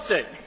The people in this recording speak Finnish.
przewodniczącej!